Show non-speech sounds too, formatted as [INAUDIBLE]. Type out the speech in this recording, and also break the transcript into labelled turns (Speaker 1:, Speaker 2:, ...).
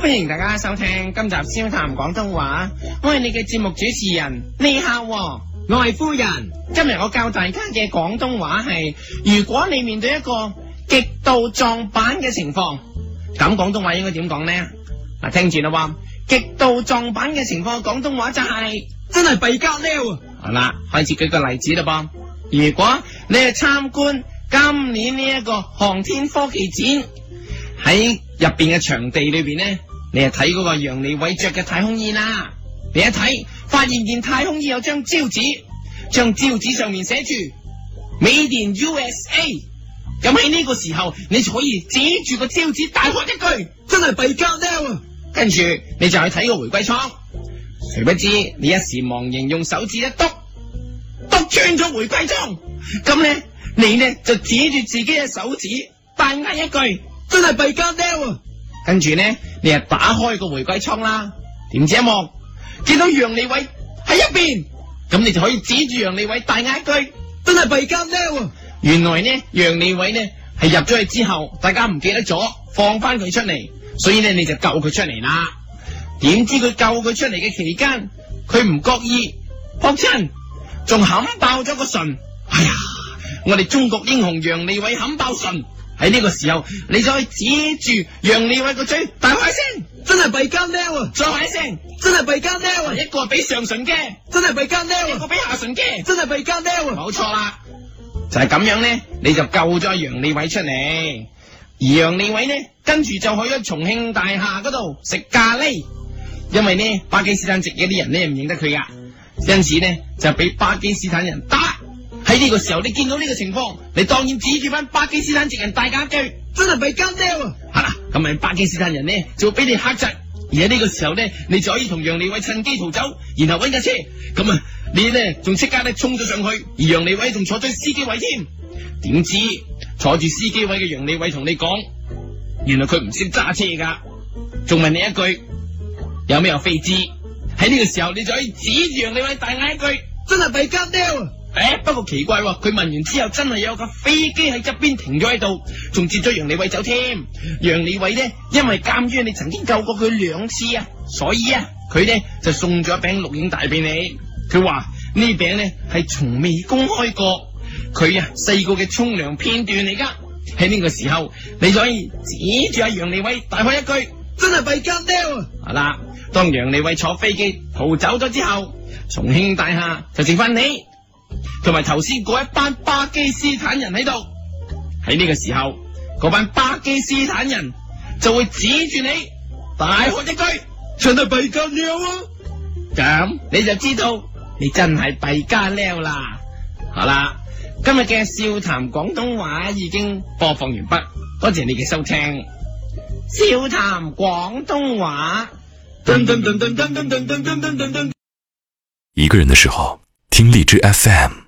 Speaker 1: 歡迎大家收聽今集《笑談廣東話》，我係你嘅節目主持人李孝和，我係夫人。今日我教大家嘅廣東話係，如果你面對一個極度撞板嘅情況，咁廣東話應該點講呢？嗱，聽住啦，話極度撞板嘅情況，廣東話就係、是、真係弊家 Nail 呀。好啦、啊，開始舉個例子啦噃。如果你係參觀今年呢一個航天科技展。喺入邊嘅場地裏邊呢,你就睇嗰個楊利偉着嘅太空衣啦、啊。你一睇發現件太空衣有張招紙，張招紙上面寫住美電 U S A。咁喺呢個時候，你就可以指住個招紙大喝一句：真係弊交掉。跟住你就去睇個回歸倉，誰不知你一時忘形，用手指一篤，篤穿咗回歸倉。咁咧，你呢就指住自己嘅手指大嗌一句。真係弊家 Nail 呀，跟住呢，你啊打開個回歸倉啦。點知一望，見到楊利偉喺一邊，咁你就可以指住楊利偉大嗌一句：真係弊家 Nail 呀！原來呢，楊利偉呢係入咗去之後，大家唔記得咗放翻佢出嚟，所以呢，你就救佢出嚟啦。點知佢救佢出嚟嘅期間，佢唔覺意，扑親仲冚爆咗個唇。哎呀，我哋中國英雄楊利偉冚爆唇！喺呢個時候，你再指住楊利偉個嘴，大喊一聲，真係弊家 Nail 呀！再喊一聲，真係弊家 Nail 呀！一個俾上唇嘅，真係弊家 Nail 呀！一個俾、啊、下唇嘅，真係弊家 Nail 呀！冇錯啦，就係、是、咁樣咧，你就救咗楊利偉出嚟。而楊利偉呢，跟住就去咗重慶大廈嗰度食咖喱，因為呢，巴基斯坦籍嗰啲人咧唔認得佢噶，因此呢，就俾巴基斯坦人打。喺呢個時候，你見到呢個情況，你當然指住翻巴基斯坦籍人，大嗌一句真係弊家 Nail。係啦、啊，咁咪巴基斯坦人呢就會俾你嚇窒，而喺呢個時候呢，你就可以同楊利偉趁機逃走，然後搵架車。咁啊，你呢仲即刻咧衝咗上去，而楊利偉仲坐咗司機位添。點知坐住司機位嘅楊利偉同你講，原來佢唔識揸車噶，仲問你一句有咩有飛機？喺呢個時候，你就可以指住楊利偉大嗌一句真係弊家 Nail。誒、欸，不過奇怪，哦，佢問完之後真係有架飛機喺側邊停咗喺度，仲接咗楊利偉走添。楊利偉呢，因為鑒於你曾經救過佢兩次啊，所以啊，佢呢就送咗一餅錄影帶俾你。佢話呢餅呢係從未公開過，佢啊細個嘅沖涼片段嚟噶。喺呢個時候，你就可以指住阿楊利偉大喊一句： [NOISE] 真係弊家雕！好啦，啊，當楊利偉坐飛機逃走咗之後，重慶大廈就剩翻你。同埋頭先嗰一班巴基斯坦人喺度，喺呢個時候，嗰班巴基斯坦人就會指住你大喝一句：「唱得弊家 Nail 啊！」咁你就知道你真係弊家 Nail 啦。好啦，今日嘅笑談廣東話已經播放完畢，多謝你嘅收聽。笑談廣東話。一個人嘅時候。聽荔枝 FM。